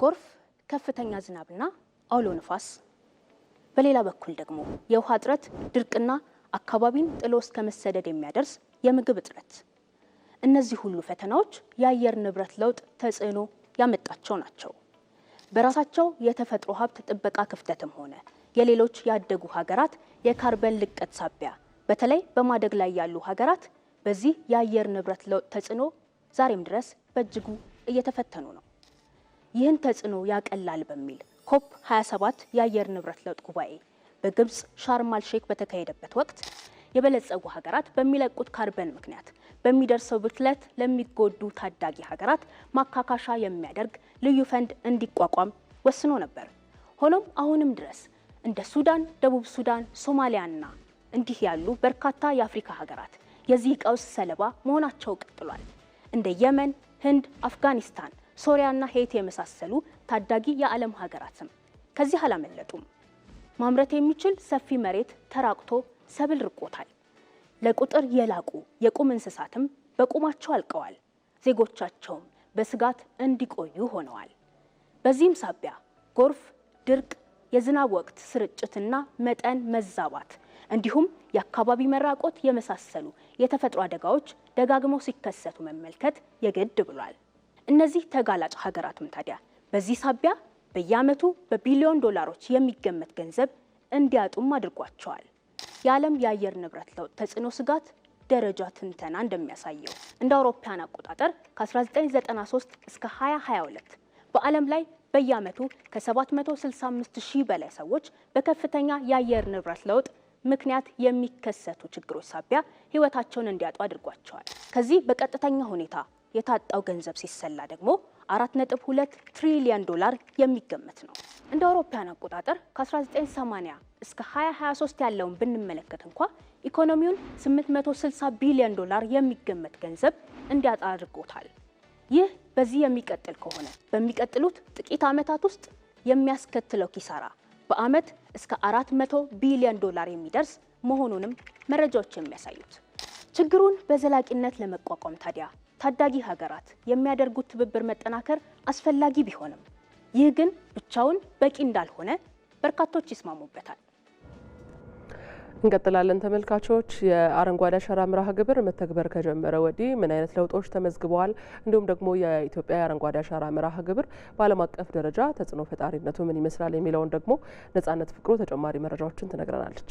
ጎርፍ፣ ከፍተኛ ዝናብና አውሎ ንፋስ፣ በሌላ በኩል ደግሞ የውሃ እጥረት፣ ድርቅና አካባቢን ጥሎ እስከ መሰደድ የሚያደርስ የምግብ እጥረት፣ እነዚህ ሁሉ ፈተናዎች የአየር ንብረት ለውጥ ተጽዕኖ ያመጣቸው ናቸው። በራሳቸው የተፈጥሮ ሀብት ጥበቃ ክፍተትም ሆነ የሌሎች ያደጉ ሀገራት የካርበን ልቀት ሳቢያ በተለይ በማደግ ላይ ያሉ ሀገራት በዚህ የአየር ንብረት ለውጥ ተጽዕኖ ዛሬም ድረስ በእጅጉ እየተፈተኑ ነው። ይህን ተጽዕኖ ያቀላል በሚል ኮፕ 27 የአየር ንብረት ለውጥ ጉባኤ በግብፅ ሻርማል ሼክ በተካሄደበት ወቅት የበለጸጉ ሀገራት በሚለቁት ካርበን ምክንያት በሚደርሰው ብክለት ለሚጎዱ ታዳጊ ሀገራት ማካካሻ የሚያደርግ ልዩ ፈንድ እንዲቋቋም ወስኖ ነበር። ሆኖም አሁንም ድረስ እንደ ሱዳን፣ ደቡብ ሱዳን፣ ሶማሊያና እንዲህ ያሉ በርካታ የአፍሪካ ሀገራት የዚህ ቀውስ ሰለባ መሆናቸው ቀጥሏል። እንደ የመን፣ ህንድ፣ አፍጋኒስታን ሶሪያና ሄይቲ የመሳሰሉ ታዳጊ የዓለም ሀገራትም ከዚህ አላመለጡም። ማምረት የሚችል ሰፊ መሬት ተራቅቶ ሰብል ርቆታል። ለቁጥር የላቁ የቁም እንስሳትም በቁማቸው አልቀዋል። ዜጎቻቸውም በስጋት እንዲቆዩ ሆነዋል። በዚህም ሳቢያ ጎርፍ፣ ድርቅ፣ የዝናብ ወቅት ስርጭትና መጠን መዛባት እንዲሁም የአካባቢ መራቆት የመሳሰሉ የተፈጥሮ አደጋዎች ደጋግመው ሲከሰቱ መመልከት የግድ ብሏል። እነዚህ ተጋላጭ ሀገራትም ታዲያ በዚህ ሳቢያ በየዓመቱ በቢሊዮን ዶላሮች የሚገመት ገንዘብ እንዲያጡም አድርጓቸዋል። የዓለም የአየር ንብረት ለውጥ ተጽዕኖ ስጋት ደረጃ ትንተና እንደሚያሳየው እንደ አውሮፓያን አቆጣጠር ከ1993 እስከ 2022 በዓለም ላይ በየዓመቱ ከ765 ሺህ በላይ ሰዎች በከፍተኛ የአየር ንብረት ለውጥ ምክንያት የሚከሰቱ ችግሮች ሳቢያ ሕይወታቸውን እንዲያጡ አድርጓቸዋል። ከዚህ በቀጥተኛ ሁኔታ የታጣው ገንዘብ ሲሰላ ደግሞ 4.2 ትሪሊዮን ዶላር የሚገመት ነው። እንደ አውሮፓውያን አቆጣጠር ከ1980 እስከ 2023 ያለውን ብንመለከት እንኳ ኢኮኖሚውን 860 ቢሊዮን ዶላር የሚገመት ገንዘብ እንዲያጣ አድርጎታል። ይህ በዚህ የሚቀጥል ከሆነ በሚቀጥሉት ጥቂት ዓመታት ውስጥ የሚያስከትለው ኪሳራ በዓመት እስከ 400 ቢሊዮን ዶላር የሚደርስ መሆኑንም መረጃዎች የሚያሳዩት። ችግሩን በዘላቂነት ለመቋቋም ታዲያ ታዳጊ ሀገራት የሚያደርጉት ትብብር መጠናከር አስፈላጊ ቢሆንም ይህ ግን ብቻውን በቂ እንዳልሆነ በርካቶች ይስማሙበታል። እንቀጥላለን ተመልካቾች። የአረንጓዴ አሻራ መርሃ ግብር መተግበር ከጀመረ ወዲህ ምን አይነት ለውጦች ተመዝግበዋል? እንዲሁም ደግሞ የኢትዮጵያ የአረንጓዴ አሻራ መርሃ ግብር በዓለም አቀፍ ደረጃ ተጽዕኖ ፈጣሪነቱ ምን ይመስላል? የሚለውን ደግሞ ነጻነት ፍቅሩ ተጨማሪ መረጃዎችን ትነግረናለች።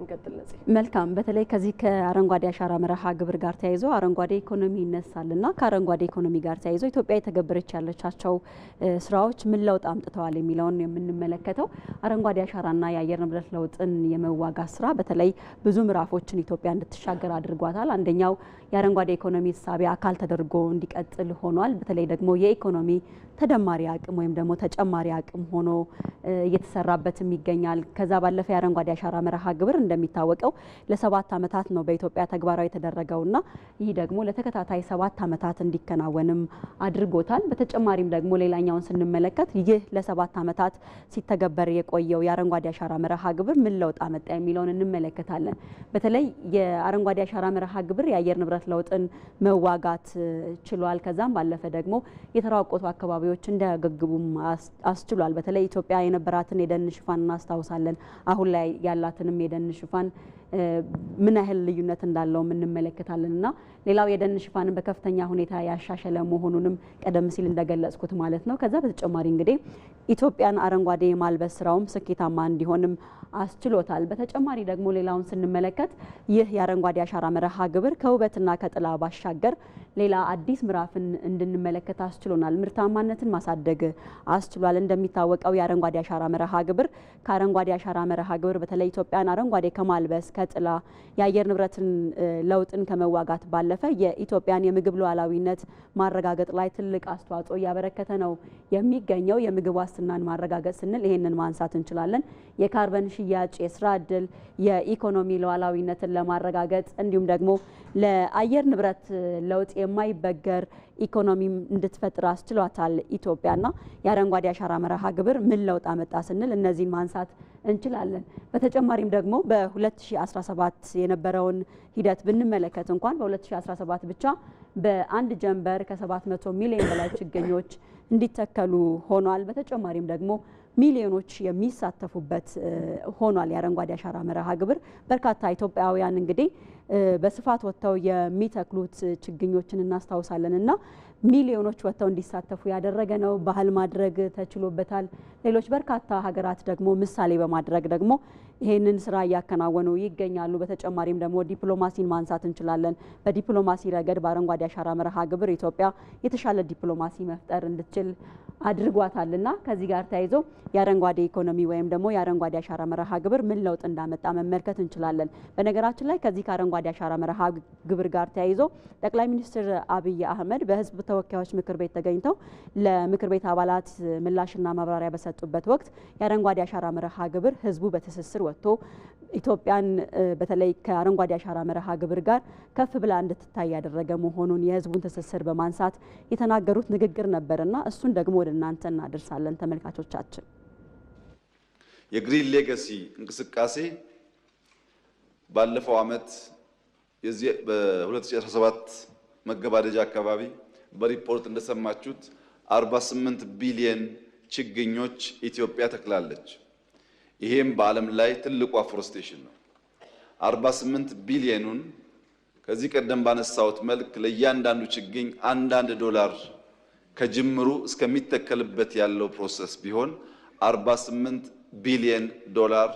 እንቀጥል። መልካም። በተለይ ከዚህ ከአረንጓዴ አሻራ መርሃ ግብር ጋር ተያይዞ አረንጓዴ ኢኮኖሚ ይነሳል እና ከአረንጓዴ ኢኮኖሚ ጋር ተያይዞ ኢትዮጵያ የተገበረች ያለቻቸው ስራዎች ምን ለውጥ አምጥተዋል የሚለውን የምንመለከተው አረንጓዴ አሻራና የአየር ንብረት ለውጥን የመዋጋት ስራ በተለይ ብዙ ምዕራፎችን ኢትዮጵያ እንድትሻገር አድርጓታል። አንደኛው የአረንጓዴ ኢኮኖሚ እሳቤ አካል ተደርጎ እንዲቀጥል ሆኗል። በተለይ ደግሞ የኢኮኖሚ ተደማሪ አቅም ወይም ደግሞ ተጨማሪ አቅም ሆኖ እየተሰራበትም ይገኛል። ከዛ ባለፈ የአረንጓዴ አሻራ መርሃ ግብር እንደሚታወቀው ለሰባት ዓመታት ነው በኢትዮጵያ ተግባራዊ የተደረገውና ይህ ደግሞ ለተከታታይ ሰባት ዓመታት እንዲከናወንም አድርጎታል። በተጨማሪም ደግሞ ሌላኛውን ስንመለከት ይህ ለሰባት ዓመታት ሲተገበር የቆየው የአረንጓዴ አሻራ መርሃ ግብር ምን ለውጥ አመጣ የሚለውን እንመለከታለን። በተለይ የአረንጓዴ አሻራ መርሃ ግብር የአየር ንብረት ለውጥን መዋጋት ችሏል። ከዛም ባለፈ ደግሞ የተራቆቱ አካባቢ አካባቢዎች እንዲያገግቡም አስችሏል። በተለይ ኢትዮጵያ የነበራትን የደን ሽፋን እናስታውሳለን። አሁን ላይ ያላትንም የደን ሽፋን ምን ያህል ልዩነት እንዳለውም እንመለከታለን እና ሌላው የደን ሽፋንን በከፍተኛ ሁኔታ ያሻሸለ መሆኑንም ቀደም ሲል እንደገለጽኩት ማለት ነው። ከዛ በተጨማሪ እንግዲህ ኢትዮጵያን አረንጓዴ የማልበስ ስራውም ስኬታማ እንዲሆንም አስችሎታል። በተጨማሪ ደግሞ ሌላውን ስንመለከት ይህ የአረንጓዴ አሻራ መርሃ ግብር ከውበትና ከጥላ ባሻገር ሌላ አዲስ ምዕራፍን እንድንመለከት አስችሎናል። ምርታማነትን ማሳደግ አስችሏል። እንደሚታወቀው የአረንጓዴ አሻራ መርሃ ግብር ከአረንጓዴ አሻራ መርሃ ግብር በተለይ ኢትዮጵያን አረንጓዴ ከማልበስ ከጥላ የአየር ንብረትን ለውጥን ከመዋጋት ባለፈ የኢትዮጵያን የምግብ ሉዓላዊነት ማረጋገጥ ላይ ትልቅ አስተዋጽኦ እያበረከተ ነው የሚገኘው። የምግብ ዋስትናን ማረጋገጥ ስንል ይሄንን ማንሳት እንችላለን። የካርበን ሽያጭ፣ የስራ እድል፣ የኢኮኖሚ ሉዓላዊነትን ለማረጋገጥ እንዲሁም ደግሞ ለአየር ንብረት ለውጥ የማይበገር ኢኮኖሚም እንድትፈጥር አስችሏታል ኢትዮጵያና የአረንጓዴ አሻራ መርሃ ግብር ምን ለውጥ አመጣ ስንል እነዚህን ማንሳት እንችላለን። በተጨማሪም ደግሞ በ2017 የነበረውን ሂደት ብንመለከት እንኳን በ2017 ብቻ በአንድ ጀንበር ከ700 ሚሊዮን በላይ ችግኞች እንዲተከሉ ሆኗል። በተጨማሪም ደግሞ ሚሊዮኖች የሚሳተፉበት ሆኗል። የአረንጓዴ አሻራ መርሃ ግብር በርካታ ኢትዮጵያውያን እንግዲህ በስፋት ወጥተው የሚተክሉት ችግኞችን እናስታውሳለን እና ሚሊዮኖች ወጥተው እንዲሳተፉ ያደረገ ነው። ባህል ማድረግ ተችሎበታል። ሌሎች በርካታ ሀገራት ደግሞ ምሳሌ በማድረግ ደግሞ ይህንን ስራ እያከናወኑ ይገኛሉ። በተጨማሪም ደግሞ ዲፕሎማሲን ማንሳት እንችላለን። በዲፕሎማሲ ረገድ በአረንጓዴ አሻራ መርሃ ግብር ኢትዮጵያ የተሻለ ዲፕሎማሲ መፍጠር እንድትችል አድርጓታል ከዚህ ጋር ተያይዞ የአረንጓዴ ኢኮኖሚ ወይም ደግሞ የአረንጓዴ አሻራ መርሃ ግብር ምን ለውጥ እንዳመጣ መመልከት እንችላለን። በነገራችን ላይ ከዚህ ከአረንጓዴ አሻራ መርሃ ግብር ጋር ተያይዞ ጠቅላይ ሚኒስትር አብይ አህመድ በህዝብ ተወካዮች ምክር ቤት ተገኝተው ለምክር ቤት አባላት ምላሽና ማብራሪያ በሰጡበት ወቅት የአረንጓዴ አሻራ መርሃ ግብር ህዝቡ በትስስር ወጥቶ ኢትዮጵያን በተለይ ከአረንጓዴ አሻራ መርሃ ግብር ጋር ከፍ ብላ እንድትታይ ያደረገ መሆኑን የህዝቡን ትስስር በማንሳት የተናገሩት ንግግር ነበርና እሱን ደግሞ ወደ እናንተ እናደርሳለን። ተመልካቾቻችን የግሪን ሌገሲ እንቅስቃሴ ባለፈው ዓመት የዚህ በ2017 መገባደጃ አካባቢ በሪፖርት እንደሰማችሁት 48 ቢሊየን ችግኞች ኢትዮጵያ ተክላለች። ይሄም በዓለም ላይ ትልቁ አፎረስቴሽን ነው። 48 ቢሊዮኑን ከዚህ ቀደም ባነሳሁት መልክ ለእያንዳንዱ ችግኝ አንዳንድ ዶላር ከጅምሩ እስከሚተከልበት ያለው ፕሮሰስ ቢሆን 48 ቢሊዮን ዶላር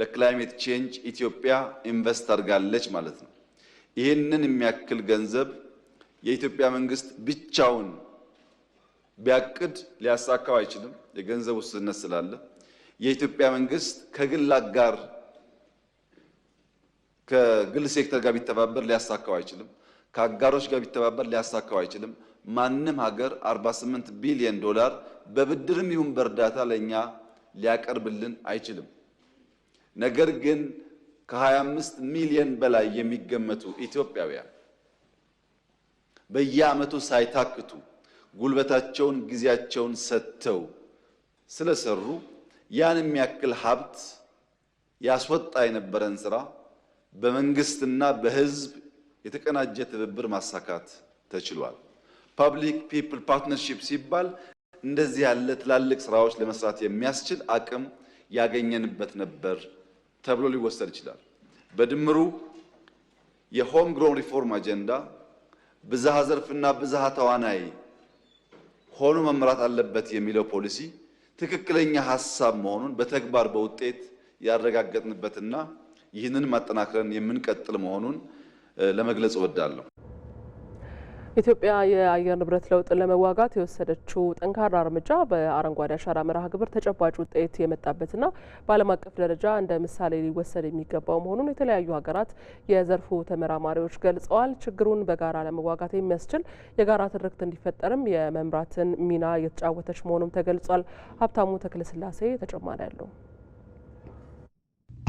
ለክላይሜት ቼንጅ ኢትዮጵያ ኢንቨስት አድርጋለች ማለት ነው። ይህንን የሚያክል ገንዘብ የኢትዮጵያ መንግስት ብቻውን ቢያቅድ ሊያሳካው አይችልም፣ የገንዘብ ውስንነት ስላለ የኢትዮጵያ መንግስት ከግል አጋር ከግል ሴክተር ጋር ቢተባበር ሊያሳካው አይችልም። ከአጋሮች ጋር ቢተባበር ሊያሳካው አይችልም። ማንም ሀገር 48 ቢሊዮን ዶላር በብድርም ይሁን በእርዳታ ለእኛ ሊያቀርብልን አይችልም። ነገር ግን ከ25 ሚሊዮን በላይ የሚገመቱ ኢትዮጵያውያን በየዓመቱ ሳይታክቱ ጉልበታቸውን፣ ጊዜያቸውን ሰጥተው ስለሰሩ ያን የሚያክል ሀብት ያስወጣ የነበረን ስራ በመንግስትና በህዝብ የተቀናጀ ትብብር ማሳካት ተችሏል። ፐብሊክ ፒፕል ፓርትነርሺፕ ሲባል እንደዚህ ያለ ትላልቅ ስራዎች ለመስራት የሚያስችል አቅም ያገኘንበት ነበር ተብሎ ሊወሰድ ይችላል። በድምሩ የሆም ግሮን ሪፎርም አጀንዳ ብዝሃ ዘርፍና ብዝሃ ተዋናይ ሆኖ መምራት አለበት የሚለው ፖሊሲ ትክክለኛ ሀሳብ መሆኑን በተግባር በውጤት ያረጋገጥንበትና ይህንን ማጠናክረን የምንቀጥል መሆኑን ለመግለጽ እወዳለሁ። ኢትዮጵያ የአየር ንብረት ለውጥ ለመዋጋት የወሰደችው ጠንካራ እርምጃ በአረንጓዴ አሻራ መርሃ ግብር ተጨባጭ ውጤት የመጣበትና በዓለም አቀፍ ደረጃ እንደ ምሳሌ ሊወሰድ የሚገባው መሆኑን የተለያዩ ሀገራት የዘርፉ ተመራማሪዎች ገልጸዋል። ችግሩን በጋራ ለመዋጋት የሚያስችል የጋራ ትርክት እንዲፈጠርም የመምራትን ሚና እየተጫወተች መሆኑም ተገልጿል። ሀብታሙ ተክለስላሴ ተጨማሪ አለው።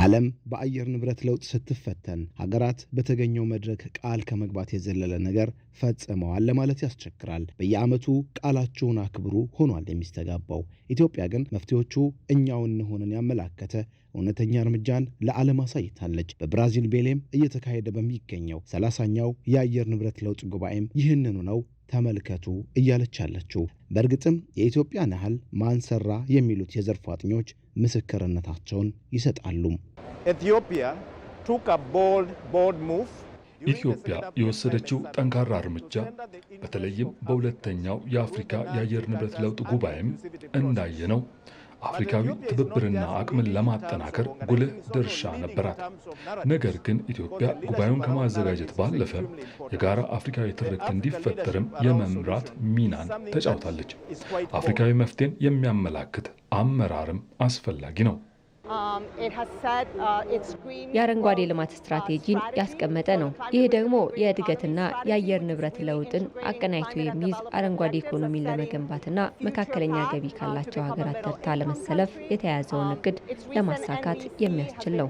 ዓለም በአየር ንብረት ለውጥ ስትፈተን ሀገራት በተገኘው መድረክ ቃል ከመግባት የዘለለ ነገር ፈጽመዋል ለማለት ያስቸግራል። በየዓመቱ ቃላችሁን አክብሩ ሆኗል የሚስተጋባው። ኢትዮጵያ ግን መፍትሄዎቹ እኛው እንሆንን ያመላከተ እውነተኛ እርምጃን ለዓለም አሳይታለች። በብራዚል ቤሌም እየተካሄደ በሚገኘው ሰላሳኛው የአየር ንብረት ለውጥ ጉባኤም ይህንኑ ነው ተመልከቱ እያለች አለችው። በእርግጥም የኢትዮጵያን ያህል ማንሰራ የሚሉት የዘርፉ አጥኞች ምስክርነታቸውን ይሰጣሉ። ኢትዮጵያ የወሰደችው ጠንካራ እርምጃ በተለይም በሁለተኛው የአፍሪካ የአየር ንብረት ለውጥ ጉባኤም እንዳየነው አፍሪካዊ ትብብርና አቅምን ለማጠናከር ጉልህ ድርሻ ነበራት። ነገር ግን ኢትዮጵያ ጉባኤውን ከማዘጋጀት ባለፈ የጋራ አፍሪካዊ ትርክት እንዲፈጠርም የመምራት ሚናን ተጫውታለች። አፍሪካዊ መፍትሄን የሚያመላክት አመራርም አስፈላጊ ነው። Um, uh, uh, የአረንጓዴ ልማት ስትራቴጂን uh, ያስቀመጠ ነው። ይህ ደግሞ የእድገትና የአየር ንብረት ለውጥን አቀናጅቶ የሚይዝ አረንጓዴ ኢኮኖሚን ለመገንባትና መካከለኛ ገቢ ካላቸው ሀገራት ተርታ ለመሰለፍ የተያያዘውን um, እቅድ ለማሳካት የሚያስችል ነው።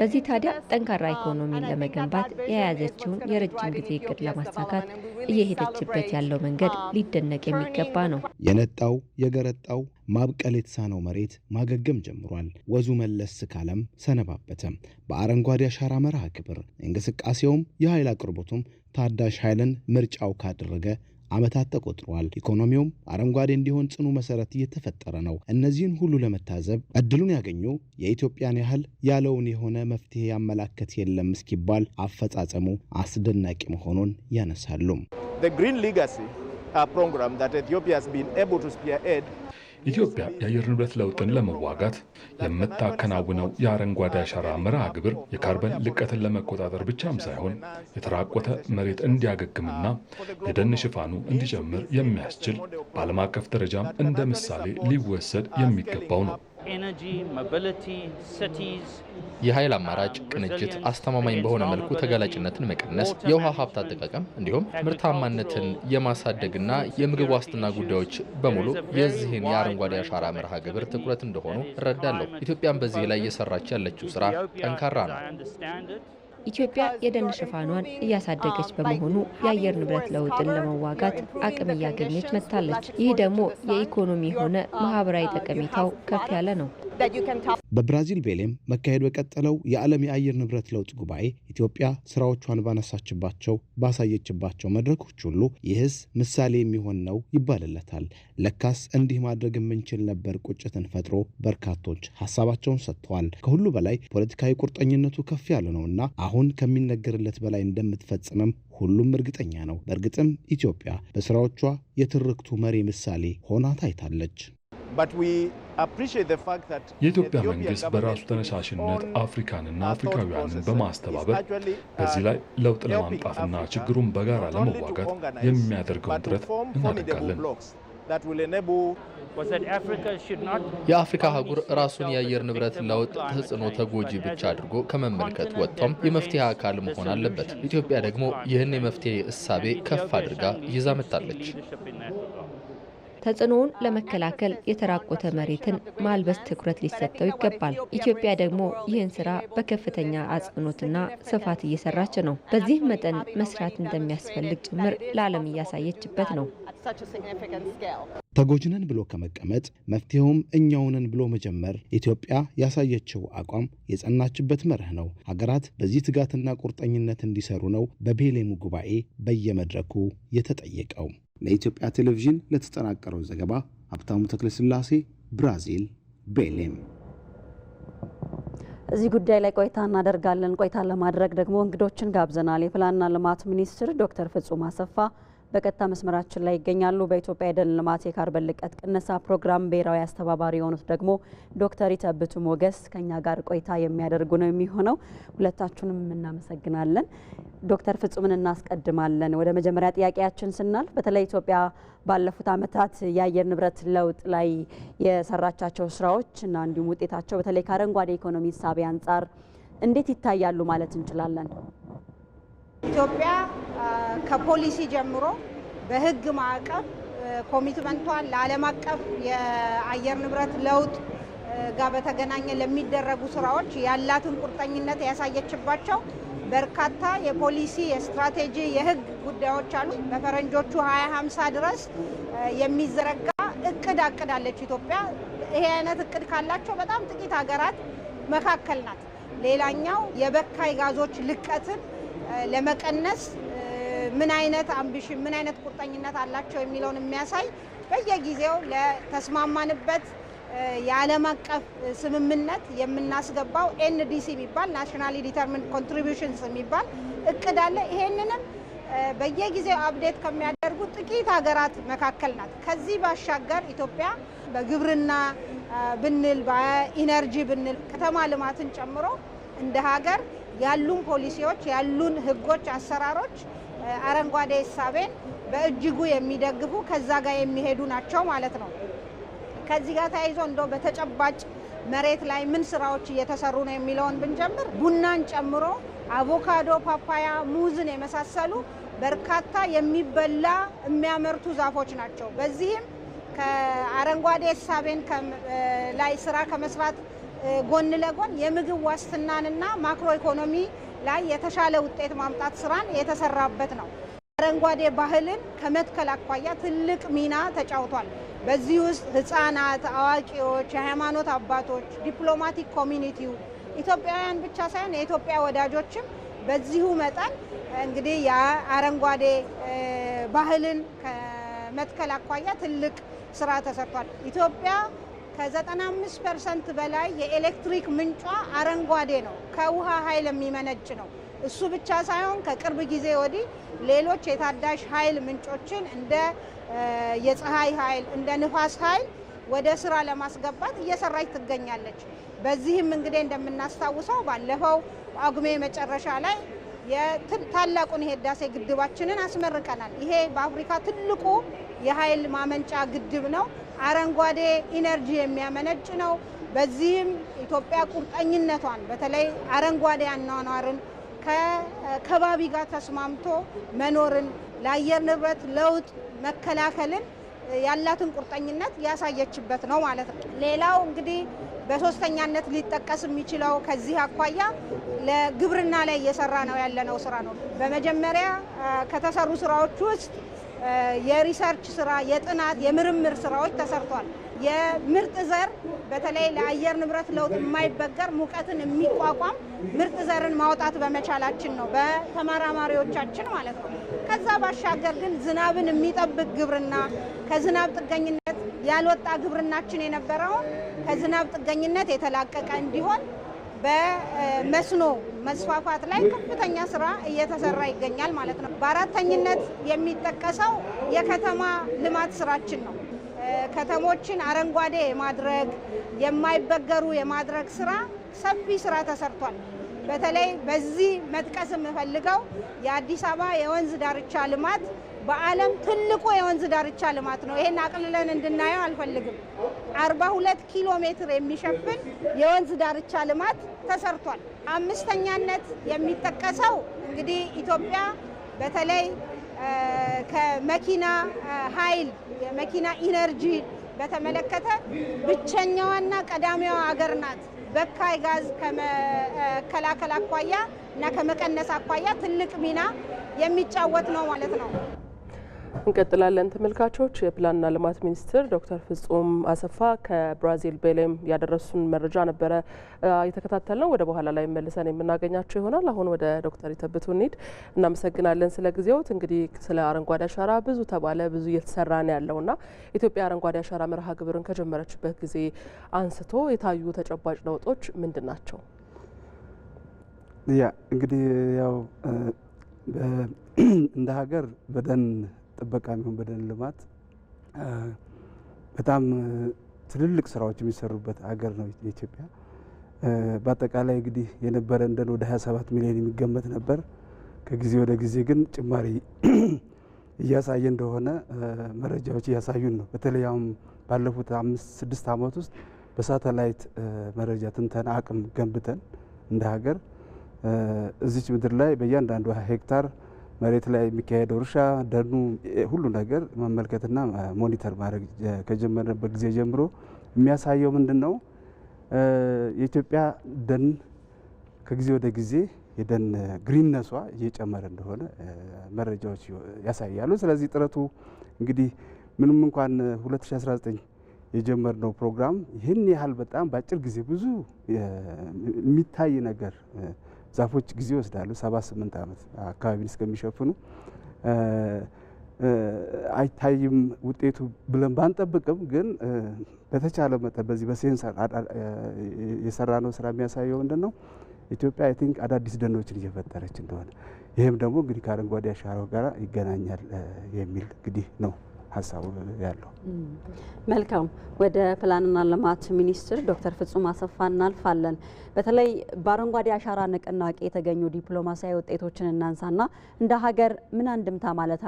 በዚህ ታዲያ ጠንካራ ኢኮኖሚን ለመገንባት የያዘችውን የረጅም ጊዜ እቅድ ለማሳካት እየሄደችበት ያለው መንገድ um, ሊደነቅ የሚገባ ነው። የነጣው የገረጣው ማብቀል የተሳነው መሬት ማገገም ጀምሯል። ወዙ መለስ ካለም ሰነባበተም በአረንጓዴ አሻራ መርሃ ግብር እንቅስቃሴውም የኃይል አቅርቦቱም ታዳሽ ኃይልን ምርጫው ካደረገ ዓመታት ተቆጥረዋል። ኢኮኖሚውም አረንጓዴ እንዲሆን ጽኑ መሰረት እየተፈጠረ ነው። እነዚህን ሁሉ ለመታዘብ እድሉን ያገኙ የኢትዮጵያን ያህል ያለውን የሆነ መፍትሄ ያመላከት የለም እስኪባል አፈጻጸሙ አስደናቂ መሆኑን ያነሳሉ። ኢትዮጵያ የአየር ንብረት ለውጥን ለመዋጋት የምታከናውነው የአረንጓዴ አሻራ መርሃ ግብር የካርበን ልቀትን ለመቆጣጠር ብቻም ሳይሆን የተራቆተ መሬት እንዲያገግምና የደን ሽፋኑ እንዲጨምር የሚያስችል በዓለም አቀፍ ደረጃም እንደ ምሳሌ ሊወሰድ የሚገባው ነው። የኃይል አማራጭ ቅንጅት አስተማማኝ በሆነ መልኩ ተጋላጭነትን መቀነስ፣ የውሃ ሀብት አጠቃቀም እንዲሁም ምርታማነትን የማሳደግና የምግብ ዋስትና ጉዳዮች በሙሉ የዚህን የአረንጓዴ አሻራ መርሃ ግብር ትኩረት እንደሆኑ እረዳለሁ። ኢትዮጵያን በዚህ ላይ እየሰራች ያለችው ስራ ጠንካራ ነው። ኢትዮጵያ የደን ሽፋኗን እያሳደገች በመሆኑ የአየር ንብረት ለውጥን ለመዋጋት አቅም እያገኘች መጥታለች። ይህ ደግሞ የኢኮኖሚ ሆነ ማህበራዊ ጠቀሜታው ከፍ ያለ ነው። በብራዚል ቤሌም መካሄዱ የቀጠለው የዓለም የአየር ንብረት ለውጥ ጉባኤ ኢትዮጵያ ስራዎቿን ባነሳችባቸው ባሳየችባቸው መድረኮች ሁሉ ይህስ ምሳሌ የሚሆን ነው ይባልለታል። ለካስ እንዲህ ማድረግ የምንችል ነበር ቁጭትን ፈጥሮ በርካቶች ሀሳባቸውን ሰጥተዋል። ከሁሉ በላይ ፖለቲካዊ ቁርጠኝነቱ ከፍ ያለ ነውና አሁን ከሚነገርለት በላይ እንደምትፈጽምም ሁሉም እርግጠኛ ነው። በእርግጥም ኢትዮጵያ በስራዎቿ የትርክቱ መሪ ምሳሌ ሆና ታይታለች። የኢትዮጵያ መንግስት በራሱ ተነሳሽነት አፍሪካንና አፍሪካውያንን በማስተባበር uh, በዚህ ላይ ለውጥ ለማምጣትና ችግሩን በጋራ ለመዋጋት የሚያደርገውን ጥረት እናደርጋለን። የአፍሪካ አህጉር ራሱን የአየር ንብረት ለውጥ ተጽዕኖ ተጎጂ ብቻ አድርጎ ከመመልከት ወጥቶም የመፍትሄ አካል መሆን አለበት። ኢትዮጵያ ደግሞ ይህን የመፍትሄ እሳቤ ከፍ አድርጋ ይዛ መጥታለች። ተጽዕኖውን ለመከላከል የተራቆተ መሬትን ማልበስ ትኩረት ሊሰጠው ይገባል። ኢትዮጵያ ደግሞ ይህን ስራ በከፍተኛ አጽንኦትና ስፋት እየሰራች ነው። በዚህ መጠን መስራት እንደሚያስፈልግ ጭምር ለዓለም እያሳየችበት ነው። ተጎጅነን ብሎ ከመቀመጥ መፍትሄውም እኛውንን ብሎ መጀመር ኢትዮጵያ ያሳየችው አቋም የጸናችበት መርህ ነው። ሀገራት በዚህ ትጋትና ቁርጠኝነት እንዲሰሩ ነው በቤሌሙ ጉባኤ በየመድረኩ የተጠየቀው። ለኢትዮጵያ ቴሌቪዥን ለተጠናቀረው ዘገባ ሀብታሙ ተክለስላሴ፣ ብራዚል ቤሌም። እዚህ ጉዳይ ላይ ቆይታ እናደርጋለን። ቆይታ ለማድረግ ደግሞ እንግዶችን ጋብዘናል። የፕላንና ልማት ሚኒስትር ዶክተር ፍጹም አሰፋ በቀጥታ መስመራችን ላይ ይገኛሉ። በኢትዮጵያ የደን ልማት የካርበን ልቀት ቅነሳ ፕሮግራም ብሔራዊ አስተባባሪ የሆኑት ደግሞ ዶክተር ኢተብቱ ሞገስ ከኛ ጋር ቆይታ የሚያደርጉ ነው የሚሆነው። ሁለታችሁንም እናመሰግናለን። ዶክተር ፍጹምን እናስቀድማለን። ወደ መጀመሪያ ጥያቄያችን ስናልፍ በተለይ ኢትዮጵያ ባለፉት ዓመታት የአየር ንብረት ለውጥ ላይ የሰራቻቸው ስራዎች እና እንዲሁም ውጤታቸው በተለይ ከአረንጓዴ ኢኮኖሚ ሳቢያ አንጻር እንዴት ይታያሉ ማለት እንችላለን? ኢትዮጵያ ከፖሊሲ ጀምሮ በህግ ማዕቀፍ ኮሚትመንቷን ለዓለም አቀፍ የአየር ንብረት ለውጥ ጋር በተገናኘ ለሚደረጉ ስራዎች ያላትን ቁርጠኝነት ያሳየችባቸው በርካታ የፖሊሲ፣ የስትራቴጂ፣ የህግ ጉዳዮች አሉ። በፈረንጆቹ 2050 ድረስ የሚዘረጋ እቅድ አቅዳለች ኢትዮጵያ። ይሄ አይነት እቅድ ካላቸው በጣም ጥቂት ሀገራት መካከል ናት። ሌላኛው የበካይ ጋዞች ልቀትን ለመቀነስ ምን አይነት አምቢሽን ምን አይነት ቁርጠኝነት አላቸው የሚለውን የሚያሳይ በየጊዜው ለተስማማንበት የዓለም አቀፍ ስምምነት የምናስገባው ኤንዲሲ የሚባል ናሽናሊ ዲተርሚንድ ኮንትሪቢሽንስ የሚባል እቅድ አለ። ይሄንንም በየጊዜው አብዴት ከሚያደርጉ ጥቂት ሀገራት መካከል ናት። ከዚህ ባሻገር ኢትዮጵያ በግብርና ብንል፣ በኢነርጂ ብንል ከተማ ልማትን ጨምሮ እንደ ሀገር ያሉን ፖሊሲዎች፣ ያሉን ህጎች፣ አሰራሮች አረንጓዴ እሳቤን በእጅጉ የሚደግፉ ከዛ ጋር የሚሄዱ ናቸው ማለት ነው። ከዚህ ጋር ተያይዞ እንደ በተጨባጭ መሬት ላይ ምን ስራዎች እየተሰሩ ነው የሚለውን ብንጀምር ቡናን ጨምሮ አቮካዶ፣ ፓፓያ፣ ሙዝን የመሳሰሉ በርካታ የሚበላ የሚያመርቱ ዛፎች ናቸው። በዚህም ከአረንጓዴ እሳቤን ላይ ስራ ከመስራት ጎን ለጎን የምግብ ዋስትናንና ማክሮ ኢኮኖሚ ላይ የተሻለ ውጤት ማምጣት ስራን የተሰራበት ነው። አረንጓዴ ባህልን ከመትከል አኳያ ትልቅ ሚና ተጫውቷል። በዚህ ውስጥ ህፃናት፣ አዋቂዎች፣ የሃይማኖት አባቶች፣ ዲፕሎማቲክ ኮሚኒቲው ኢትዮጵያውያን ብቻ ሳይሆን የኢትዮጵያ ወዳጆችም በዚሁ መጠን እንግዲህ የአረንጓዴ ባህልን ከመትከል አኳያ ትልቅ ስራ ተሰርቷል። ኢትዮጵያ ከ95 ፐርሰንት በላይ የኤሌክትሪክ ምንጯ አረንጓዴ ነው፣ ከውሃ ኃይል የሚመነጭ ነው። እሱ ብቻ ሳይሆን ከቅርብ ጊዜ ወዲህ ሌሎች የታዳሽ ኃይል ምንጮችን እንደ የፀሐይ ኃይል፣ እንደ ንፋስ ኃይል ወደ ስራ ለማስገባት እየሰራች ትገኛለች። በዚህም እንግዲህ እንደምናስታውሰው ባለፈው ጳጉሜ መጨረሻ ላይ ታላቁን የህዳሴ ግድባችንን አስመርቀናል። ይሄ በአፍሪካ ትልቁ የኃይል ማመንጫ ግድብ ነው። አረንጓዴ ኢነርጂ የሚያመነጭ ነው። በዚህም ኢትዮጵያ ቁርጠኝነቷን በተለይ አረንጓዴ አኗኗርን ከከባቢ ጋር ተስማምቶ መኖርን ለአየር ንብረት ለውጥ መከላከልን ያላትን ቁርጠኝነት ያሳየችበት ነው ማለት ነው። ሌላው እንግዲህ በሶስተኛነት ሊጠቀስ የሚችለው ከዚህ አኳያ ለግብርና ላይ እየሰራ ነው ያለነው ስራ ነው። በመጀመሪያ ከተሰሩ ስራዎች ውስጥ የሪሰርች ስራ፣ የጥናት የምርምር ስራዎች ተሰርቷል። የምርጥ ዘር በተለይ ለአየር ንብረት ለውጥ የማይበገር ሙቀትን የሚቋቋም ምርጥ ዘርን ማውጣት በመቻላችን ነው፣ በተመራማሪዎቻችን ማለት ነው። ከዛ ባሻገር ግን ዝናብን የሚጠብቅ ግብርና ከዝናብ ጥገኝነት ያልወጣ ግብርናችን የነበረውን ከዝናብ ጥገኝነት የተላቀቀ እንዲሆን በመስኖ መስፋፋት ላይ ከፍተኛ ስራ እየተሰራ ይገኛል ማለት ነው። በአራተኝነት የሚጠቀሰው የከተማ ልማት ስራችን ነው። ከተሞችን አረንጓዴ የማድረግ የማይበገሩ የማድረግ ስራ ሰፊ ስራ ተሰርቷል። በተለይ በዚህ መጥቀስ የምፈልገው የአዲስ አበባ የወንዝ ዳርቻ ልማት በዓለም ትልቁ የወንዝ ዳርቻ ልማት ነው። ይሄን አቅልለን እንድናየው አልፈልግም። 42 ኪሎ ሜትር የሚሸፍን የወንዝ ዳርቻ ልማት ተሰርቷል። አምስተኛነት የሚጠቀሰው እንግዲህ ኢትዮጵያ በተለይ ከመኪና ኃይል የመኪና ኢነርጂ በተመለከተ ብቸኛዋና ቀዳሚዋ አገር ናት። በካይ ጋዝ ከመከላከል አኳያ እና ከመቀነስ አኳያ ትልቅ ሚና የሚጫወት ነው ማለት ነው። እንቀጥላለን ተመልካቾች። የፕላንና ልማት ሚኒስትር ዶክተር ፍጹም አሰፋ ከብራዚል ቤሌም ያደረሱን መረጃ ነበረ ነው። ወደ በኋላ ላይ መልሰን የምናገኛቸው ይሆናል። አሁን ወደ ዶክተር ይተብቱ እንሂድ። እናመሰግናለን ስለ ጊዜዎት። እንግዲህ ስለ አረንጓዴ አሻራ ብዙ ተባለ፣ ብዙ እየተሰራ ነው ያለውና ኢትዮጵያ አረንጓዴ አሻራ መርሃ ግብርን ከጀመረችበት ጊዜ አንስቶ የታዩ ተጨባጭ ለውጦች ምንድን ናቸው? ያ እንግዲህ ያው እንደ ሀገር በደን ጥበቃ የሚሆን በደን ልማት በጣም ትልልቅ ስራዎች የሚሰሩበት ሀገር ነው ኢትዮጵያ። በአጠቃላይ እንግዲህ የነበረ እንደን ወደ 27 ሚሊዮን የሚገመት ነበር። ከጊዜ ወደ ጊዜ ግን ጭማሪ እያሳየ እንደሆነ መረጃዎች እያሳዩን ነው። በተለይ አሁን ባለፉት አምስት ስድስት ዓመት ውስጥ በሳተላይት መረጃ ትንተና አቅም ገንብተን እንደ ሀገር እዚች ምድር ላይ በእያንዳንዱ ሄክታር መሬት ላይ የሚካሄደው እርሻ፣ ደኑ፣ ሁሉ ነገር መመልከትና ሞኒተር ማድረግ ከጀመረበት ጊዜ ጀምሮ የሚያሳየው ምንድን ነው? የኢትዮጵያ ደን ከጊዜ ወደ ጊዜ የደን ግሪንነሷ እየጨመረ እንደሆነ መረጃዎች ያሳያሉ። ስለዚህ ጥረቱ እንግዲህ ምንም እንኳን 2019 የጀመርነው ፕሮግራም ይህን ያህል በጣም በአጭር ጊዜ ብዙ የሚታይ ነገር ዛፎች ጊዜ ይወስዳሉ። ሰባ ስምንት ዓመት አካባቢን እስከሚሸፍኑ አይታይም ውጤቱ ብለን ባንጠብቅም ግን በተቻለ መጠን በዚህ በሴንሰር ነው ስራ የሚያሳየው ምንድን ነው ኢትዮጵያ አይ ቲንክ አዳዲስ ደኖችን እየፈጠረች እንደሆነ ይህም ደግሞ እንግዲህ ከአረንጓዴ አሻራው ጋር ይገናኛል የሚል እንግዲህ ነው። ሀሳቡ ያለው። መልካም ወደ ፕላንና ልማት ሚኒስትር ዶክተር ፍጹም አሰፋ እናልፋለን። በተለይ በአረንጓዴ አሻራ ንቅናቄ የተገኙ ዲፕሎማሲያዊ ውጤቶችን እናንሳና እንደ ሀገር ምን አንድምታ ማለት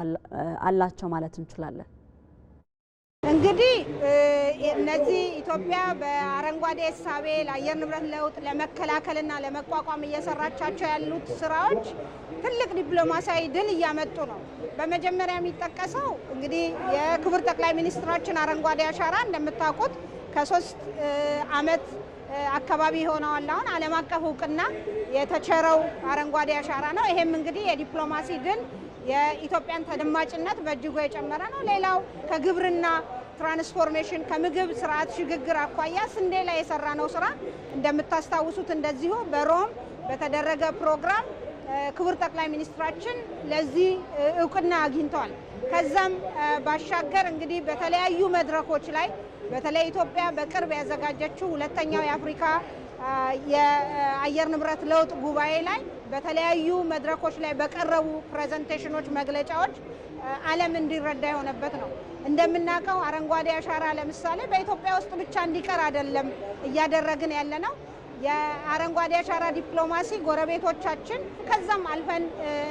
አላቸው ማለት እንችላለን? እንግዲህ እነዚህ ኢትዮጵያ በአረንጓዴ እሳቤ ለአየር ንብረት ለውጥ ለመከላከልና ለመቋቋም እየሰራቻቸው ያሉት ስራዎች ትልቅ ዲፕሎማሲያዊ ድል እያመጡ ነው። በመጀመሪያ የሚጠቀሰው እንግዲህ የክቡር ጠቅላይ ሚኒስትራችን አረንጓዴ አሻራ እንደምታውቁት ከሶስት አመት አካባቢ ሆነዋል። አሁን ዓለም አቀፍ እውቅና የተቸረው አረንጓዴ አሻራ ነው። ይሄም እንግዲህ የዲፕሎማሲ ድል የኢትዮጵያን ተደማጭነት በእጅጉ የጨመረ ነው። ሌላው ከግብርና ትራንስፎርሜሽን ከምግብ ስርዓት ሽግግር አኳያ ስንዴ ላይ የሰራ ነው ስራ እንደምታስታውሱት እንደዚሁ በሮም በተደረገ ፕሮግራም ክቡር ጠቅላይ ሚኒስትራችን ለዚህ እውቅና አግኝተዋል። ከዛም ባሻገር እንግዲህ በተለያዩ መድረኮች ላይ በተለይ ኢትዮጵያ በቅርብ ያዘጋጀችው ሁለተኛው የአፍሪካ የአየር ንብረት ለውጥ ጉባኤ ላይ በተለያዩ መድረኮች ላይ በቀረቡ ፕሬዘንቴሽኖች፣ መግለጫዎች ዓለም እንዲረዳ የሆነበት ነው። እንደምናውቀው አረንጓዴ አሻራ ለምሳሌ በኢትዮጵያ ውስጥ ብቻ እንዲቀር አይደለም እያደረግን ያለ ነው። የአረንጓዴ አሻራ ዲፕሎማሲ ጎረቤቶቻችን ከዛም አልፈን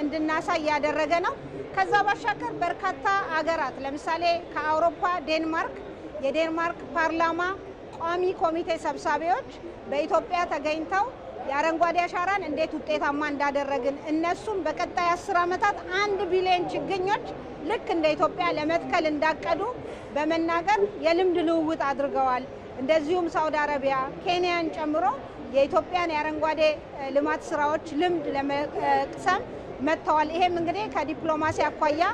እንድናሳይ ያደረገ ነው። ከዛ ባሻገር በርካታ አገራት ለምሳሌ ከአውሮፓ ዴንማርክ፣ የዴንማርክ ፓርላማ ቋሚ ኮሚቴ ሰብሳቢዎች በኢትዮጵያ ተገኝተው የአረንጓዴ አሻራን እንዴት ውጤታማ እንዳደረግን እነሱም በቀጣይ አስር ዓመታት አንድ ቢሊዮን ችግኞች ልክ እንደ ኢትዮጵያ ለመትከል እንዳቀዱ በመናገር የልምድ ልውውጥ አድርገዋል። እንደዚሁም ሳውዲ አረቢያ፣ ኬንያን ጨምሮ የኢትዮጵያን የአረንጓዴ ልማት ስራዎች ልምድ ለመቅሰም መጥተዋል። ይሄም እንግዲህ ከዲፕሎማሲ አኳያ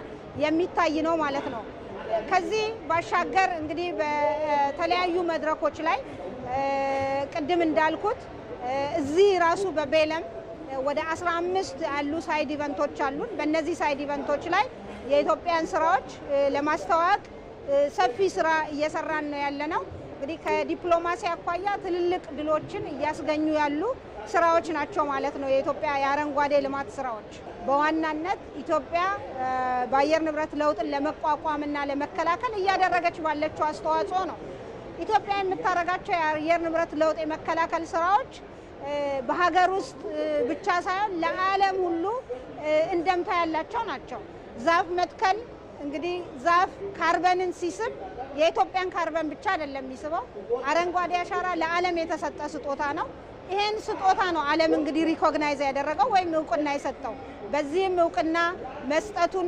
የሚታይ ነው ማለት ነው። ከዚህ ባሻገር እንግዲህ በተለያዩ መድረኮች ላይ ቅድም እንዳልኩት እዚህ ራሱ በቤለም ወደ 15 ያሉ ሳይድ ኢቨንቶች አሉን። በእነዚህ ሳይድ ኢቨንቶች ላይ የኢትዮጵያን ስራዎች ለማስተዋወቅ ሰፊ ስራ እየሰራን ነው ነው። እንግዲህ ከዲፕሎማሲ አኳያ ትልልቅ ድሎችን እያስገኙ ያሉ ስራዎች ናቸው ማለት ነው። የኢትዮጵያ የአረንጓዴ ልማት ስራዎች በዋናነት ኢትዮጵያ በአየር ንብረት ለውጥን ለመቋቋምና ለመከላከል እያደረገች ባለችው አስተዋጽኦ ነው። ኢትዮጵያ የምታደርጋቸው የአየር ንብረት ለውጥ የመከላከል ስራዎች በሀገር ውስጥ ብቻ ሳይሆን ለዓለም ሁሉ እንደምታ ያላቸው ናቸው። ዛፍ መትከል እንግዲህ ዛፍ ካርበንን ሲስብ የኢትዮጵያን ካርበን ብቻ አይደለም የሚስበው። አረንጓዴ አሻራ ለዓለም የተሰጠ ስጦታ ነው። ይሄን ስጦታ ነው ዓለም እንግዲህ ሪኮግናይዝ ያደረገው ወይም እውቅና የሰጠው። በዚህም እውቅና መስጠቱን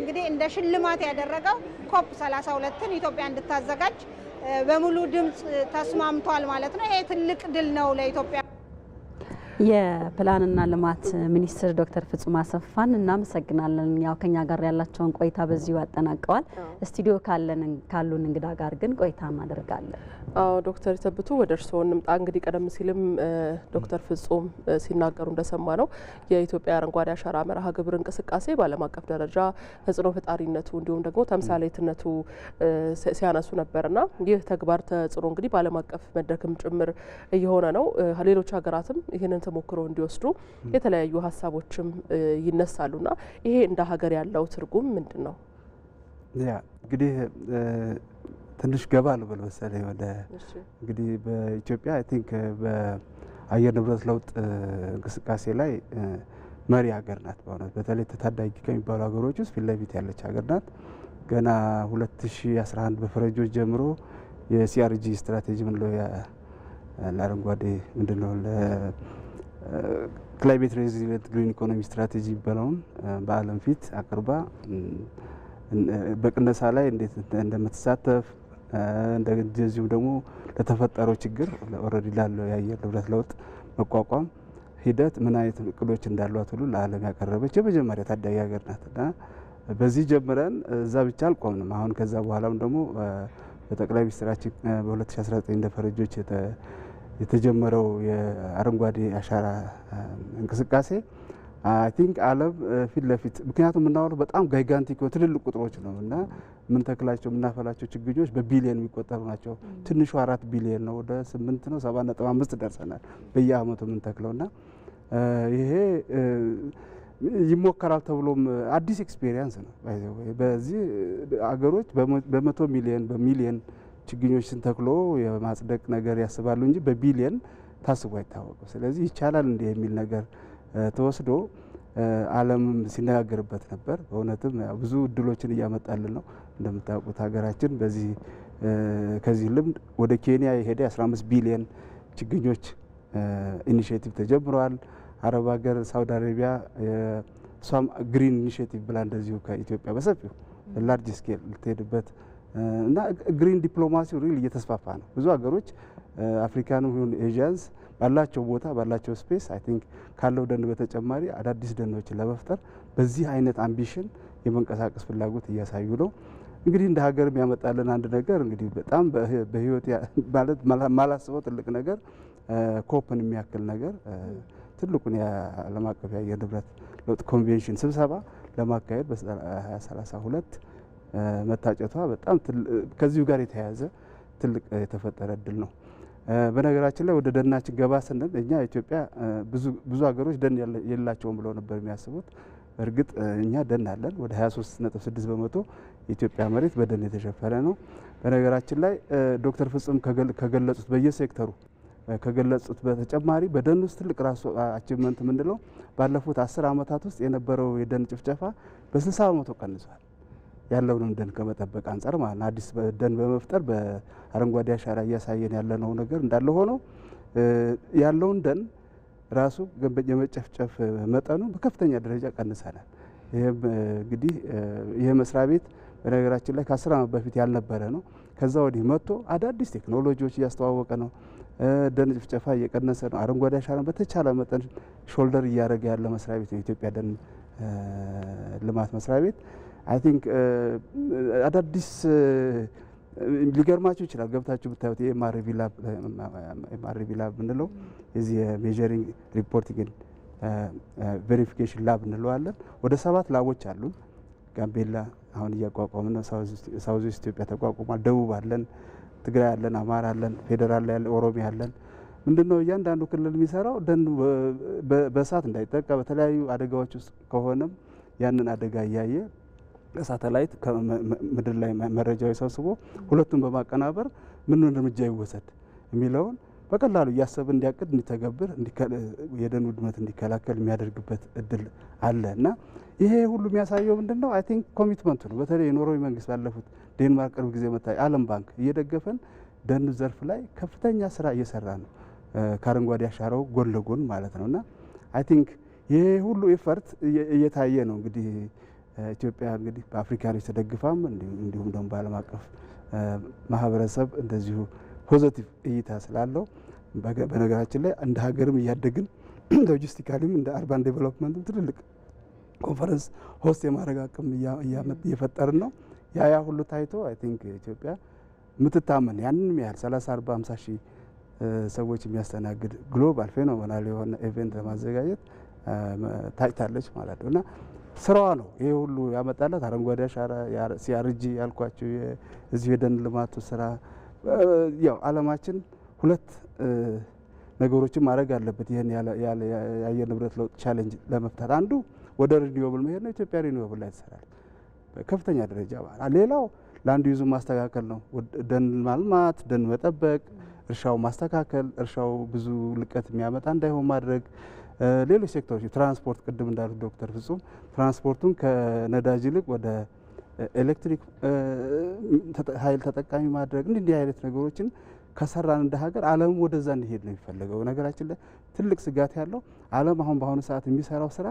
እንግዲህ እንደ ሽልማት ያደረገው ኮፕ 32ን ኢትዮጵያ እንድታዘጋጅ በሙሉ ድምፅ ተስማምቷል ማለት ነው። ይሄ ትልቅ ድል ነው ለኢትዮጵያ። የፕላንና ልማት ሚኒስትር ዶክተር ፍጹም አሰፋን እናመሰግናለን። ያው ከኛ ጋር ያላቸውን ቆይታ በዚሁ ያጠናቀዋል። ስቱዲዮ ካለን ካሉን እንግዳ ጋር ግን ቆይታ እናደርጋለን። አዎ ዶክተር የተብቱ ወደ እርስዎ እንምጣ። እንግዲህ ቀደም ሲልም ዶክተር ፍጹም ሲናገሩ እንደሰማ ነው የኢትዮጵያ አረንጓዴ አሻራ መርሃ ግብር እንቅስቃሴ በዓለም አቀፍ ደረጃ ተጽዕኖ ፈጣሪነቱ እንዲሁም ደግሞ ተምሳሌትነቱ ሲያነሱ ነበርና ይህ ተግባር ተጽዕኖ እንግዲህ በዓለም አቀፍ መድረክም ጭምር እየሆነ ነው። ሌሎች ሀገራትም ይህንን ተሞክሮ እንዲወስዱ የተለያዩ ሀሳቦችም ይነሳሉ። ና ይሄ እንደ ሀገር ያለው ትርጉም ምንድን ነው? ያ እንግዲህ ትንሽ ገባ ልበል መሰለኝ ወደ እንግዲህ በኢትዮጵያ አይ ቲንክ በአየር ንብረት ለውጥ እንቅስቃሴ ላይ መሪ ሀገር ናት። በእውነት በተለይ ተታዳጊ ከሚባሉ ሀገሮች ውስጥ ፊት ለፊት ያለች ሀገር ናት። ገና 2011 በፈረንጆች ጀምሮ የሲአርጂ ስትራቴጂ ምንለው ለአረንጓዴ ምንድነው ክላይሜት ሬዚሊየንት ግሪን ኢኮኖሚ ስትራቴጂ የሚባለውን በዓለም ፊት አቅርባ በቅነሳ ላይ እንዴት እንደምትሳተፍ እንደዚሁም ደግሞ ለተፈጠረው ችግር ኦልሬዲ ላለው የአየር ንብረት ለውጥ መቋቋም ሂደት ምን አይነት እቅዶች እንዳሏት ሁሉ ለዓለም ያቀረበች የመጀመሪያ ታዳጊ ሀገር ናት እና በዚህ ጀምረን እዛ ብቻ አልቆምንም። አሁን ከዛ በኋላም ደግሞ በጠቅላይ ሚኒስትራችን በ2019 እንደ ፈረጆች የተጀመረው የአረንጓዴ አሻራ እንቅስቃሴ አይ ቲንክ ዓለም ፊት ለፊት ምክንያቱም የምናወራው በጣም ጋይጋንቲክ ትልልቅ ቁጥሮች ነው እና የምንተክላቸው የምናፈላቸው ችግኞች በቢሊየን የሚቆጠሩ ናቸው። ትንሹ አራት ቢሊየን ነው፣ ወደ ስምንት ነው ሰባት ነጥብ አምስት ደርሰናል በየአመቱ የምንተክለው እና ይሄ ይሞከራል ተብሎም አዲስ ኤክስፔሪየንስ ነው። በዚህ አገሮች በመቶ ሚሊየን በሚሊየን ችግኞችን ተክሎ የማጽደቅ ነገር ያስባሉ እንጂ በቢሊየን ታስቦ አይታወቅም። ስለዚህ ይቻላል እንዲህ የሚል ነገር ተወስዶ ዓለምም ሲነጋገርበት ነበር። በእውነትም ብዙ እድሎችን እያመጣልን ነው። እንደምታውቁት ሀገራችን በዚህ ከዚህ ልምድ ወደ ኬንያ የሄደ 15 ቢሊየን ችግኞች ኢኒሽቲቭ ተጀምረዋል። አረብ ሀገር ሳውዲ አረቢያ እሷም ግሪን ኢኒሽቲቭ ብላ እንደዚሁ ከኢትዮጵያ በሰፊው ላርጅ ስኬል ልትሄድበት እና ግሪን ዲፕሎማሲ ሪል እየተስፋፋ ነው። ብዙ ሀገሮች አፍሪካንም ሆን ኤዥያንስ ባላቸው ቦታ ባላቸው ስፔስ አይ ቲንክ ካለው ደን በተጨማሪ አዳዲስ ደኖችን ለመፍጠር በዚህ አይነት አምቢሽን የመንቀሳቀስ ፍላጎት እያሳዩ ነው። እንግዲህ እንደ ሀገር የሚያመጣልን አንድ ነገር እንግዲህ በጣም በህይወት ማለት ማላስበው ትልቅ ነገር ኮፕን የሚያክል ነገር ትልቁን የዓለም አቀፍ የአየር ንብረት ለውጥ ኮንቬንሽን ስብሰባ ለማካሄድ በ2032 መታጨቷ በጣም ከዚሁ ጋር የተያያዘ ትልቅ የተፈጠረ እድል ነው። በነገራችን ላይ ወደ ደናችን ገባ ስንል እኛ ኢትዮጵያ ብዙ ሀገሮች ደን የላቸውም ብለው ነበር የሚያስቡት። እርግጥ እኛ ደን አለን። ወደ 23.6 በመቶ የኢትዮጵያ መሬት በደን የተሸፈነ ነው። በነገራችን ላይ ዶክተር ፍጹም ከገለጹት በየሴክተሩ ከገለጹት በተጨማሪ በደን ውስጥ ትልቅ ራሱ አቺቭመንት የምንለው ባለፉት አስር ዓመታት ውስጥ የነበረው የደን ጭፍጨፋ በ60 በመቶ ቀንሷል። ያለውንም ደን ከመጠበቅ አንጻር ማለት አዲስ ደን በመፍጠር በአረንጓዴ አሻራ እያሳየን ያለነው ነገር እንዳለ ሆኖ ያለውን ደን ራሱ የመጨፍጨፍ መጠኑ በከፍተኛ ደረጃ ቀንሰናል። ይህም እንግዲህ ይህ መስሪያ ቤት በነገራችን ላይ ከአስር ዓመት በፊት ያልነበረ ነው። ከዛ ወዲህ መጥቶ አዳዲስ ቴክኖሎጂዎች እያስተዋወቀ ነው። ደን ጭፍጨፋ እየቀነሰ ነው። አረንጓዴ አሻራ በተቻለ መጠን ሾልደር እያደረገ ያለ መስሪያ ቤት ነው የኢትዮጵያ ደን ልማት መስሪያ ቤት። አይ ቲንክ አዳዲስ ሊገርማችሁ ይችላል። ገብታችሁ ብታዩት ኤምአርቪ ላብ ኤምአርቪ ላብ የምንለው ሪፖርቲንግን ቬሪፊኬሽን uh, ላብ uh, እንለዋለን። ወደ ሰባት ላቦች አሉን። ጋምቤላ አሁን እያቋቋም ነው። ሳውዝ ኢትዮጵያ ተቋቁሟል። ደቡብ አለን፣ ትግራይ አለን፣ አማራ አለን፣ ፌዴራል ላይ ኦሮሚያ አለን። ምንድን ነው እያንዳንዱ ክልል የሚሰራው ደን በእሳት እንዳይጠቃ በተለያዩ አደጋዎች ውስጥ ከሆነም ያንን አደጋ እያየ ሳተላይት ከምድር ላይ መረጃዎች ሰብስቦ ሁለቱን በማቀናበር ምን እርምጃ ይወሰድ የሚለውን በቀላሉ እያሰብ እንዲያቅድ እንዲተገብር የደን ውድመት እንዲከላከል የሚያደርግበት እድል አለ እና ይሄ ሁሉ የሚያሳየው ምንድን ነው? አይ ቲንክ ኮሚትመንቱ ነው። በተለይ የኖርዌይ መንግስት ባለፉት ዴንማርክ ቅርብ ጊዜ መታ ዓለም ባንክ እየደገፈን ደን ዘርፍ ላይ ከፍተኛ ስራ እየሰራ ነው፣ ከአረንጓዴ አሻራው ጎን ለጎን ማለት ነው እና አይ ቲንክ ይሄ ሁሉ ኤፈርት እየታየ ነው እንግዲህ ኢትዮጵያ እንግዲህ በአፍሪካኖች ተደግፋም እንዲሁም ደግሞ በዓለም አቀፍ ማህበረሰብ እንደዚሁ ፖዘቲቭ እይታ ስላለው በነገራችን ላይ እንደ ሀገርም እያደግን ሎጂስቲካሊም እንደ አርባን ዴቨሎፕመንትም ትልልቅ ኮንፈረንስ ሆስት የማድረግ አቅም እየፈጠርን ነው። ያ ያ ሁሉ ታይቶ አይ ቲንክ ኢትዮጵያ የምትታመን ያንንም ያህል 30፣ 40፣ 50 ሺህ ሰዎች የሚያስተናግድ ግሎባል ፌኖመናል የሆነ ኢቨንት ለማዘጋጀት ታጭታለች ማለት ነው እና ስራዋ ነው። ይህ ሁሉ ያመጣላት አረንጓዴ አሻራ ሲያርጂ ያልኳቸው እዚሁ የደን ልማቱ ስራ ያው አለማችን ሁለት ነገሮችን ማድረግ አለበት። ይህን የአየር ንብረት ለውጥ ቻሌንጅ ለመፍታት አንዱ ወደ ሪኒዌብል መሄድ ነው። ኢትዮጵያ ሪኒዌብል ላይ ትሰራል በከፍተኛ ደረጃ። ሌላው ለአንዱ ይዞ ማስተካከል ነው። ደን ማልማት፣ ደን መጠበቅ፣ እርሻው ማስተካከል፣ እርሻው ብዙ ልቀት የሚያመጣ እንዳይሆን ማድረግ ሌሎች ሴክተሮች ትራንስፖርት፣ ቅድም እንዳሉት ዶክተር ፍጹም ትራንስፖርቱን ከነዳጅ ይልቅ ወደ ኤሌክትሪክ ኃይል ተጠቃሚ ማድረግ እንዲህ እንዲህ አይነት ነገሮችን ከሰራን እንደ ሀገር ዓለም ወደዛ እንዲሄድ ነው የሚፈለገው። ነገራችን ላይ ትልቅ ስጋት ያለው ዓለም አሁን በአሁኑ ሰዓት የሚሰራው ስራ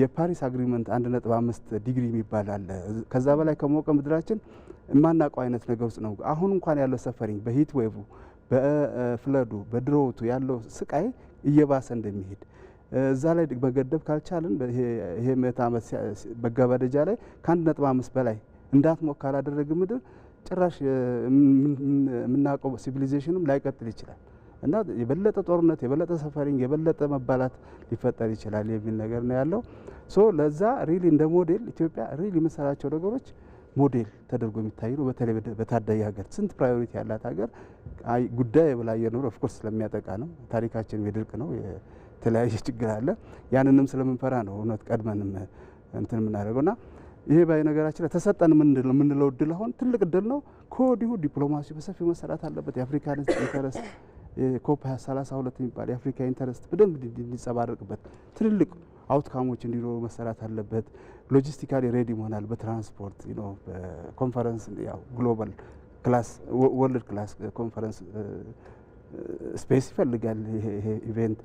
የፓሪስ አግሪመንት አንድ ነጥብ አምስት ዲግሪ የሚባል አለ። ከዛ በላይ ከሞቀ ምድራችን የማናውቀው አይነት ነገር ውስጥ ነው። አሁን እንኳን ያለው ሰፈሪንግ በሂት ዌቭ በፍለዱ በድሮቱ ያለው ስቃይ እየባሰ እንደሚሄድ እዛ ላይ መገደብ ካልቻልን ይሄ ምዕተ ዓመት በጋ ደረጃ ላይ ከአንድ ነጥብ አምስት በላይ እንዳትሞክ ካላደረግ ምድር ጭራሽ የምናውቀው ሲቪሊዜሽንም ላይቀጥል ይችላል እና የበለጠ ጦርነት፣ የበለጠ ሰፈሪንግ፣ የበለጠ መባላት ሊፈጠር ይችላል የሚል ነገር ነው ያለው። ሶ ለዛ ሪሊ እንደ ሞዴል ኢትዮጵያ ሪሊ የምሰራቸው ነገሮች ሞዴል ተደርጎ የሚታይ ነው። በተለይ በታዳጊ ሀገር ስንት ፕራዮሪቲ ያላት ሀገር ጉዳይ የበላየ ኖሮ ኦፍኮርስ ስለሚያጠቃ ነው። ታሪካችን የድርቅ ነው የተለያየ ችግር አለ። ያንንም ስለምንፈራ ነው እውነት ቀድመንም እንትን የምናደርገው እና ይሄ ባይ ነገራችን ላይ ተሰጠን የምንለው እድል አሁን ትልቅ እድል ነው። ከወዲሁ ዲፕሎማሲ በሰፊው መሰራት አለበት። የአፍሪካ ኢንተረስት ኮፕ 32 የሚባል የአፍሪካ ኢንተረስት በደንብ እንዲንጸባረቅበት ትልልቅ አውትካሞች እንዲኖሩ መሰራት አለበት። ሎጂስቲካሊ ሬዲ መሆናል። በትራንስፖርት ኮንፈረንስ ግሎባል ክላስ ወርልድ ክላስ ኮንፈረንስ ስፔስ ይፈልጋል ይሄ ኢቬንት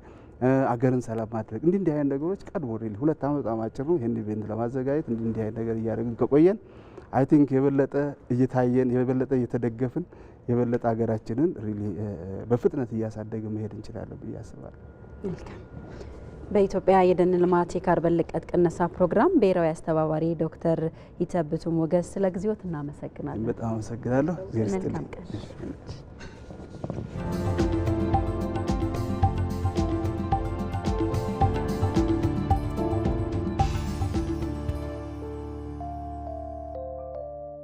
አገርን ሰላም ማድረግ እንዲህ እንዲህ አይነት ነገሮች ቀድሞ ሁለት ዓመት በጣም አጭር ነው። ይህን ኢቨንት ለማዘጋጀት እንዲህ እንዲህ አይነት ነገር እያደረግን ከቆየን አይ ቲንክ የበለጠ እየታየን የበለጠ እየተደገፍን የበለጠ ሀገራችንን ሪሊ በፍጥነት እያሳደግ መሄድ እንችላለን ብዬ አስባለሁ። በኢትዮጵያ የደን ልማት የካርበን ልቀት ቅነሳ ፕሮግራም ብሔራዊ አስተባባሪ ዶክተር ይተብቱ ሞገስ ስለ ጊዜዎት እናመሰግናለን። በጣም አመሰግናለሁ። መልካም